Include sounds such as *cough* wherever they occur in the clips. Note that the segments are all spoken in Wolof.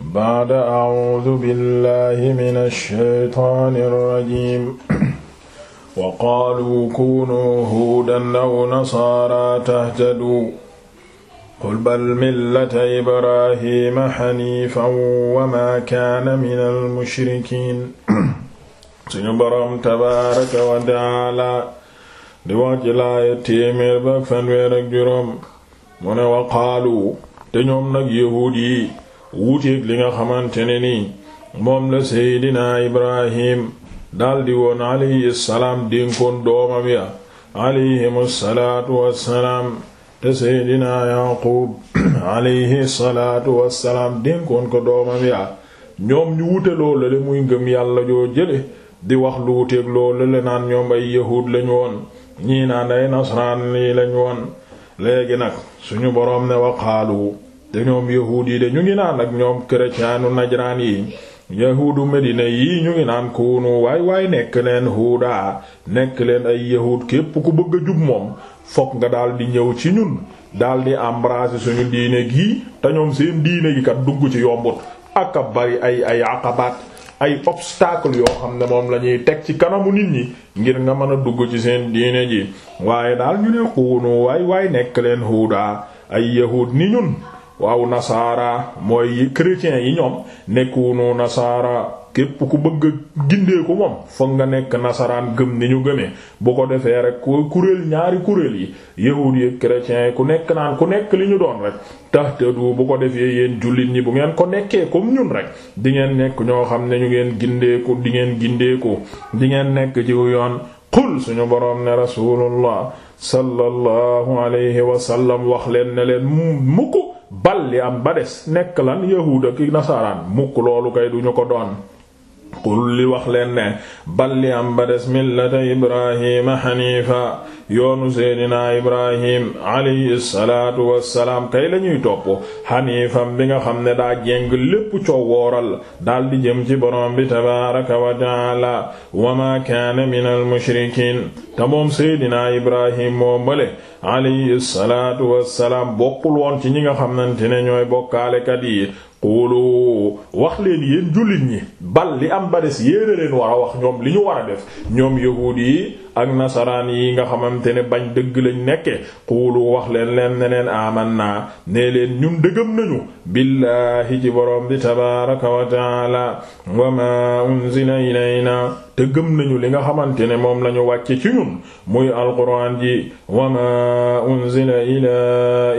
baada acuudu billahi min alsheytaani alrajim *clears throat* wa qaaluu kuunuu huudan aw nasaara tahtaduu qul bal millata ibrahima xaniifan wa maa kaana min almushrikiin *clears throat* suñu boroom tabaaraka wa tacaala di wax ci laaya téeméer ba fanweer ak juróom mu ne wa qaalu te ñoom nag yahuud yi wuuteeg li nga xamante ne nii moom la seydinaa ibrahim daldi woon alayhi salaam dénkoon doomam ya alayhimu salaatu wassalaam te seydinaa yaqub *clears throat* alayhi wassalaam dénkoon ko doomam ya ñoom ñu wute loolu la muy ngëm yàlla joo jële di wax lu wuteeg loolu la naan ñoom ay yahuud lañu woon ñii naan ay nasraan lii lañu woon léegi nag suñu boroom ne waqaalu te ñoom yahuud de ñu ngi naan ak ñoom chrétienu najraan yi yahuudu medina yi ñu ngi naan kuunu waay waay nekk leen huudaa nekk leen ay yahuud képp ku bëgg a jub moom fokk nga daal di ñëw ci ñun daal di embrasser suñu diine gi te ñoom seen diine gi kat dugg ci yombut ak a bari ay ay aqabaat ay obstacle yoo xam ne moom lañuy teg ci kanamu nit ñi ngir nga mën a dugg ci seen diine ji waaye daal ñu ne xuunu waay waay nekk leen huudaa ay yahuud ni ñun waaw nasaara mooy chrétiens yi ñoom nekkunu nasaara képp ku bëgg gindee ko moom foog nga nekk nasaraan gëm ni ñu gëmee bu ko defee rek ku kuréel ñaari kuréel yi yahuud yi chrétiens yi ku nekk naan ku nekk li ñu doon rek tahtadu bu ko defee yéen jullit ñi bu ngeen ko nekkee comme ñun rek di ngeen nekk ñoo xam ne ñu ngeen gindeeku di ngeen gindeeku di ngeen nekk ci yoon qul suñu boroom ne rasulullah sallallahu alayhi wa sallam wax leen ne leen mukk bal li am ba des nekk lan yahuud ak nasaaraan mukk loolu kay duñu ko doon qul li wax leen ne bal li am ba des millata ibrahima xaniifa yoonu seydinaa ibrahim alayhi salaatu wassalaam kay la topp xaniifam bi nga xam ne daa jéng lépp coow wooral daal di jëm ci borom bi tabaaraka wa taala wa maa kaana min al mushrikiin te moom seydinaa ibrahim moo mbale alayhi salaatu wassalaam bokkul woon ci ñi nga xamante ne ñooy bokkaalekat yi quulu wax leen yéen jullit ñi bal li am ba des yéena war a wax ñoom li ñu war def ñoom yahuud yi ak nasaraan yi nga xamante ne bañ dëgg lañ nekke xuulu wax leen leen ne leen aman naa nee leen ñun dëggam nañu billaahi ci boroom bi tabaraka wa taala wa ma unzila ilayna te gëm nañu li nga xamante ne moom lañu wàcce ci ñun muy alquran ji wa ma unzila ila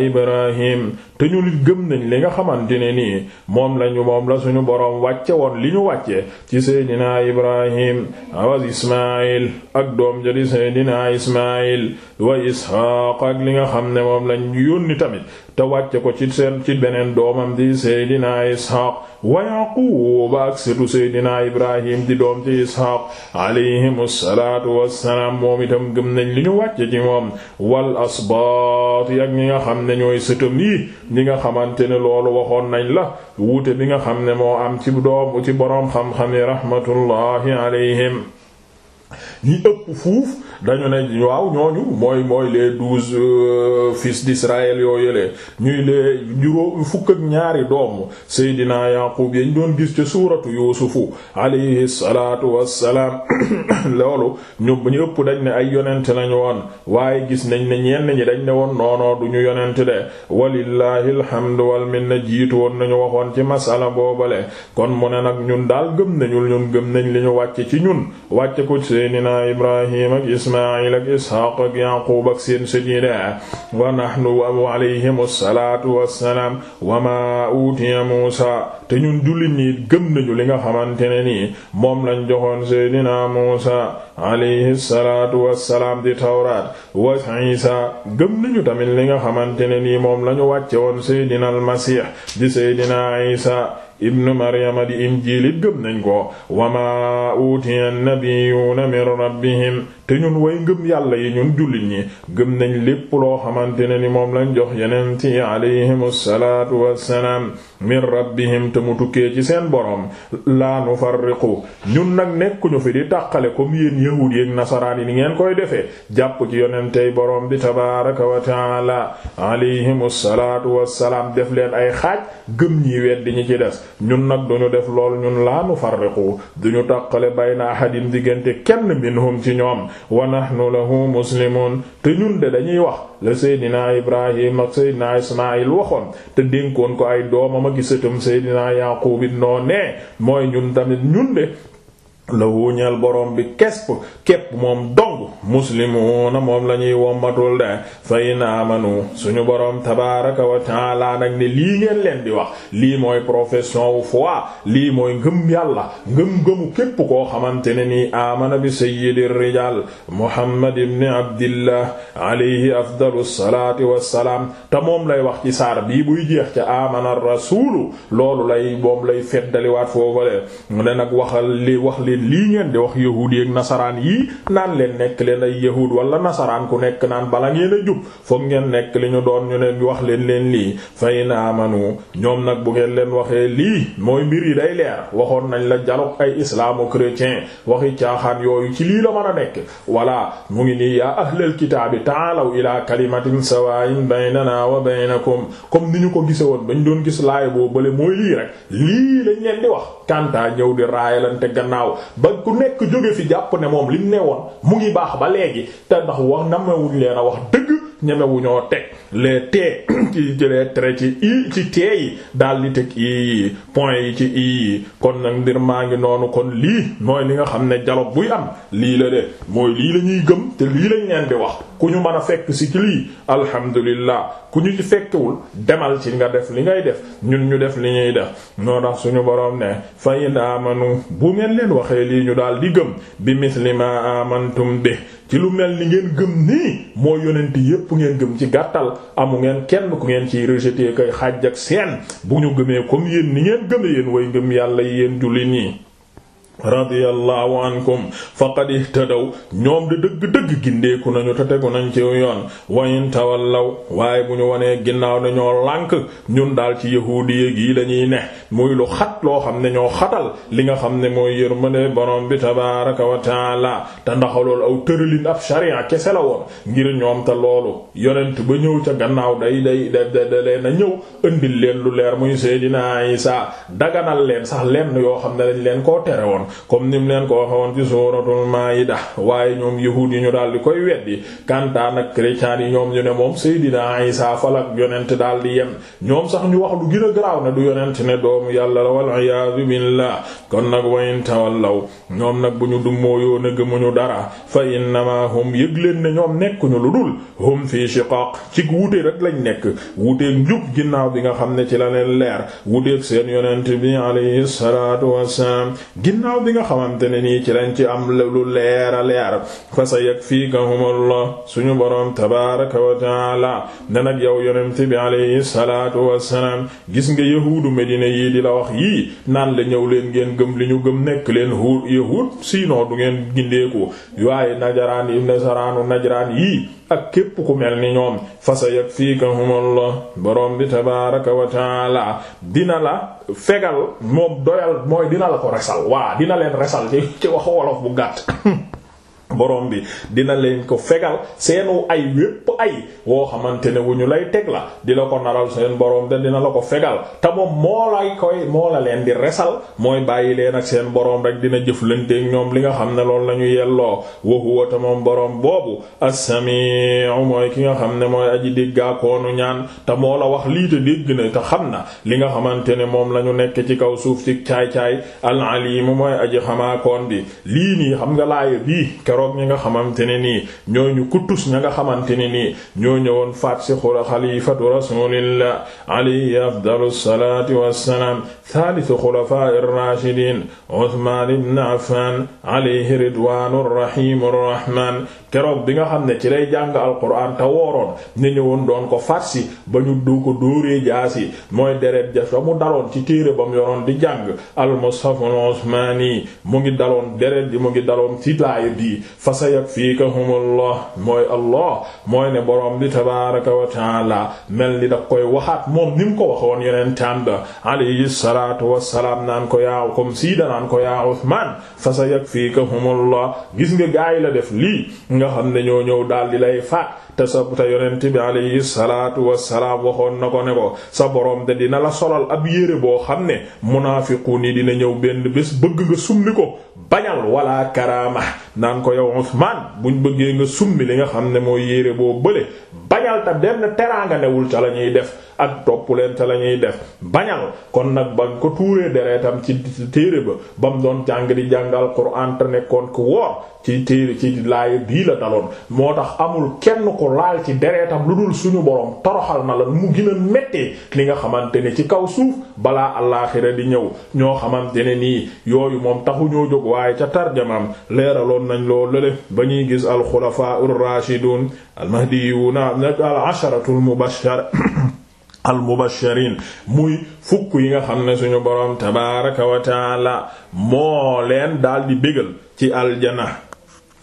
ibrahim te ñu nit gëm nañ li nga xamante ne nii moom lañu moom la suñu boroom wàcce woon li ñu wàcce ci seydinaa ibrahim awas ismail ak doom ja di seydinaa ismail wa ishaaq ak li nga xam ne moom lañ yónni tamit te wàcce ko ci seen ci beneen doomam di seydina isxaaq wa yaquuba ak setu seydina ibrahim di doom ci isxaaq alayhim salaatu wassalaam moom itam gëm nañ li ñu wàcce ci moom wal asbaat ak ñi nga xam ne ñooy sëtam yi ñi nga xamante ne loolu waxoon nañ la wuute bi nga xam ne moo am ci doom ci boroom xam-xam yi rahmatullahi ñi ëpp fuuf dañu ne waaw ñooñu mooy mooy les douze euh, fils d'Israël yoo yëlee ñuy les juróom fukk ak ñaari doom Seydina Yaqub yañ doon gis ca suuratu Yuusufu alayhi salaatu wassalaam *coughs* loolu ñu ñu ëpp dañ ne ay yonent lañu woon waaye gis nañ ne ñenn ñi dañ ne woon noonoo du ñu yonent de walillahi alhamdu wal minna jiitu woon nañu waxoon ci masala boobale kon mu ne nag ñun daal gëm nañu ñun gëm nañ li ñu wàcce ci ñun wàcce ko ci seydinaa ibrahim ak ismail ak isxaaq ak yaqub ak seen sëjida wa nahnu wa alayhim assalaatu wassalaam wa maa utiya muusa te ñun jullit ñi gëm nañu li nga xamante ne nii moom lañ joxoon seydinaa muusa alayhi salaatu wassalaam di tawraat wa isa gëm nañu tamit li nga xamante ne nii moom lañu wàcce woon seydinaa almasiix di seydinaa isa ibnu maryama di injiil it gëm nañ ko wa maa utiya nabiyuuna min rabbihim te ñun way ngëm yàlla yi ñun jullit ñi gëm nañ lépp loo xamante ne ni moom lañ jox yeneen ci alayhimu salaatu wassalaam min rabbihim te mu tukkee ci seen borom laa nufarriqu ñun nag nekkuñu fi di tàqale comme yéen yahuud yi ak nasaraan yi ni ngeen koy defee jàpp ci yonentey boroom bi tabaaraka wa taala alayhimu wa salaam def leen ay xaaj gëm ñi weddi ñi ci des ñun nag duñu def lool ñun laa nufarriqu duñu tàqale bayna ahadin diggante kenn minhum ci ñoom wa nahnu lahu muslimun te ñun de dañuy wax la seydinaa ibrahim ak seydinaa ismaayil waxoon te dénkoon ko ay doomam ak sëtam seydinaa yaqub it noo nee mooy ñun tamit ñun de la wuñeel borom bi kesp képp moom dong muslimuuna moom la ñuy wommatul de fa in amanu suñu borom tabaraka wa nag ne lii ngeen leen di wax lii mooy profession wu foi lii mooy ngëm yàlla ngëm-ngëmu képp koo xamante ne nii amana bi sayyidi rijal muhammad ibn abdillah alayhi afdalu salaati wassalaam te moom lay wax ci saar bii buy jeex ca amana rasulu loolu lay moom lay feddaliwaat foofale mu ne nag waxal li wax li leen lii ngeen di wax yahuud yi ak nasaraan yii naan leen nekk leen ay yahuud wala nasaraan ku nekk naan bala ngeen a jub foog ngeen nekk li ñu doon ñu ne wax leen leen lii fay naa manu ñoom nag bu ngeen leen waxee lii mooy mbir yi day leer waxoon nañ la dialogue ay islamo-chrétien waxi caaxaan yooyu ci lii la mën a nekk voilà mu ngi nii yaa ahlal kitaabi taalaw ila kalimatin sawaa'in baynana wa baynakum comme ni ñu ko gise woon ñu doon gis laay boo bale mooy lii rek lii lañ leen di wax kanta ñëw di raayalante gannaaw ba ku nekk jóge fi jàpp ne moom li ne woon mu ngi baax ba léegi te ndax wax namewuñ leen a wax dëgg ñemewuñoo teg les tee *clears throat* ci jëlee traits ci i ci tee yi daal di teg i point yi ci i kon nag ndir maa ngi noonu kon lii mooy li nga xam ne dialogue buy am lii la de mooy lii lañuy gëm te lii lañ leen di wax. ku ñu mën a fekk si ci lii ku ñu ci fekkewul demal ci nga def li ngay def ñun ñu def li ñuy def ñoo tax suñu boroom ne fa in amanu bu ngeen leen waxee lii ñu daal di gëm bi misli ma amantum bi ci lu mel ni ngeen gëm nii moo yonent yépp ngeen gëm ci gàttal amu ngeen kenn ku ngeen ciy rejeté koy xàjj ak seen bu ñu gëmee comme yéen ni ngeen gëm yéen way ngëm yàlla yéen julli nii radiyallahu ankum faqad ihtadaw ñoom de dëgg-dëgg gindeeku nañu te tegu nañ ci yoon wayin law waaye bu ñu wanee ginnaaw ne ñoo lànk ñun daal ci yahuudiya gi lañuy ne muy lu xat loo xam ne ñoo xatal li nga xam ne mooy yërmande borom bi tabaaraka wa taala te ndax loolu aw tëralin ab sharia kese la woon ngir ñoom te loolu yonent ba ñëw ca gannaaw day day da da leen a ñëw indil leen lu leer muy Seydina Isaa daganal leen sax leen yoo xam ne dañ leen koo tere woon comme nim leen ko waxoon ci suuratul maayida waaye ñoom yahuud yi ñu daal di koy weddi kantaa nag chrétien yi ñoom ñu ne moom Seydina Isa falak yonent daal di yem ñoom sax ñu wax lu gën a garaaw na du yonent ne doomu yàlla la wal iyaadu billah kon nag wayin tawallaw ñoom nag bu ñu dummóoyoo ne gëmuñu dara fa innama hum yëg leen ne ñoom nekkuñu lu dul hum fii shiqaq ci wuute rek lañ nekk wuuteeg njub ginnaaw bi nga xam ne ci la leen leer wuuteeg seen yonent ginnaaw bi nga xamante ne nii ci lañ ci am lu leera leer fa sa yakfikahumullah suñu boroom tabaaraka wa taala ne nag yow yonent bi alayhi salaatu wassalaam gis nga yahuudu Medina yii di la wax yii naan la ñëw leen ngeen gëm li ñu gëm nekk leen hu yahuud sinon du ngeen gindeeku waaye najaraan yi nasaraanu najraan yii ak képp ku mel ni ñoom fasa yakfikahumullah borom bi tabaaraka wa taala dina la fegal moo doyal mooy dina la ko resal waa dina leen resal ci ci wolof bu gàtt *laughs* borom bi dina leen ko fegal seenu ay wépp ay woo xamante ne wu ñu lay teg la di la ko naral seen borom de dina la ko fegal te moom moo lay koy moo la leen di resal mooy bàyyi leen ak seen borom rek dina jëflanteeg ñoom li nga xam ne loolu la ñu yelloo wa huwa moom borom boobu as-sami'u mooy ki nga xam ne mooy aji déggaakoonu ñaan te moo la wax lii te dégg na te xam na li nga xamante ne moom la ñu nekk ci kaw suuf ci caay-caay al-alim mooy aji xam keroog ñi nga xamante ne nii ñooñu kutus ña nga xamante ne nii ñoo ñëwoon faat si xula xalifatu rasulillah alayhi afdalu salaati wassalaam thalithu xulafaa'i rashidin uthman ibn affan alayhi ridwanu rrahim rrahman keroog bi nga xam ne ci lay jàng alquran te wooroon ne ñëwoon doon ko faat ba ñu du ko dóoree jaasi mooy deret ja fa mu daloon ci téere ba mu yoroon di jàng al mushaf al usmani mu ngi daloon deret ji mu ngi daloon ci laaya bi fa sayakfikahumullah mooy allah mooy ne borom bi tabaaraka wa mel ni da koy waxaat moom ni mu ko waxoon yonentam ba alayhi salaatu wassalaam naan ko yaa kom siida naan ko yaa Usmaan fa sayakfikahumullah gis nga gaay la def lii nga xam ne ñoo ñëw daal di lay faat te sa te yonent bi alayhi salaatu wassalaam waxoon na ko ne ko sa boroom de dina la solal ab yére boo xam ne munaafiqun yi dina ñëw benn bés bëgg nga summi ko bañal wala karaama naan ko yow bu buñ bëggee nga summi li nga xam ne mooy yére boo bële bañal ta benn teraanga newul ca la ñuy def ak topp leen ca la ñuy def bañal kon nag ba ko tuuree deretam ci téere ba ba mu doon jàng di jàngal Qur'an te nekkoon ko woor ci téere ci laay bii la daloon ko laal ci dereetam lu dul suñu borom toroxal na la mu gën a li nga xamante ni ci kaw suuf balaa allaaxira di ñëw ñoo xamante ne nii yooyu moom taxu ñoo jóg waaye ca tarjamaam leeraloon nañ loo lële ba ñuy gis alxulafaa ur-raashidun almahdiyuuna *coughs* muy fukk yi nga xam ne suñu boroom tabaaraka wa moo leen di bégal ci aljana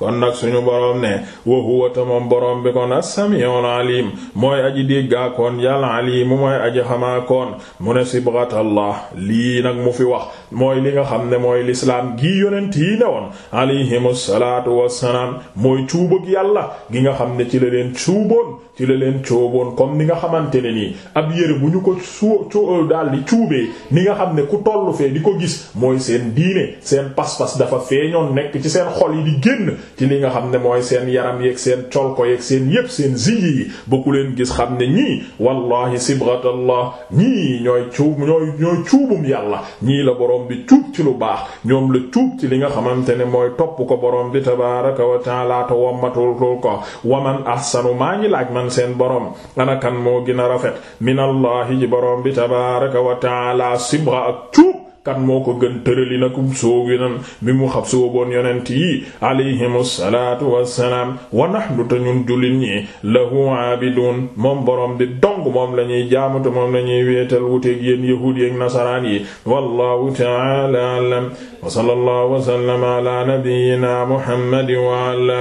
kon nag suñu boroom ne wa huwa tamam boroom bi kon as-sami'ul alim mooy aji déggaakoon yàlla alimu mooy aji xamaakoon mu ne sibghatallah lii nag mu fi wax mooy li nga xam ne mooy lislaam gii yonent yi ne woon alayhimu salaatu wassalaam mooy cuubag yàlla gi nga xam ne ci la leen cuuboon ci la leen cooboon comme ni nga xamante ne nii ab yére bu ñu ko suu co daal di cuubee ni nga xam ne ku tollu fee di ko gis mooy seen diine seen pas-pas dafa feeñoon nekk ci seen xol yi di génn ci li nga xam ne mooy seen yaram yeeg seen colko yeeg seen yépp seen zigi yi ba ku leen gis xam ne ñii wallahi sibghatallah ñii ñooy cuub ñooy ñooy cuubum yàlla ñii la borom bi cuub ci lu baax ñoom la cuub ci li nga xamante ne mooy topp ko borom bi tabaraka wa taala te wammatul ko waman ahsanu maa ngi laaj man seen borom anakan moo gën a rafet minallahi ji borom bi tabaraka wa taala sibgha ak cuub kan moo ko gën tërali na ko bi mu xab sooboon yonent yi alayhimu salaatu wassalaam wa nahnu te ñun jullit ñi lahu aabidun moom borom bi dong moom la ñuy jaamutu moom la ñuy weetal wuteeg yéen yahuud yeek nasaraan yi wallahu ta'ala a'lam wa sallallahu wa sallama ala nabiyyina wa ala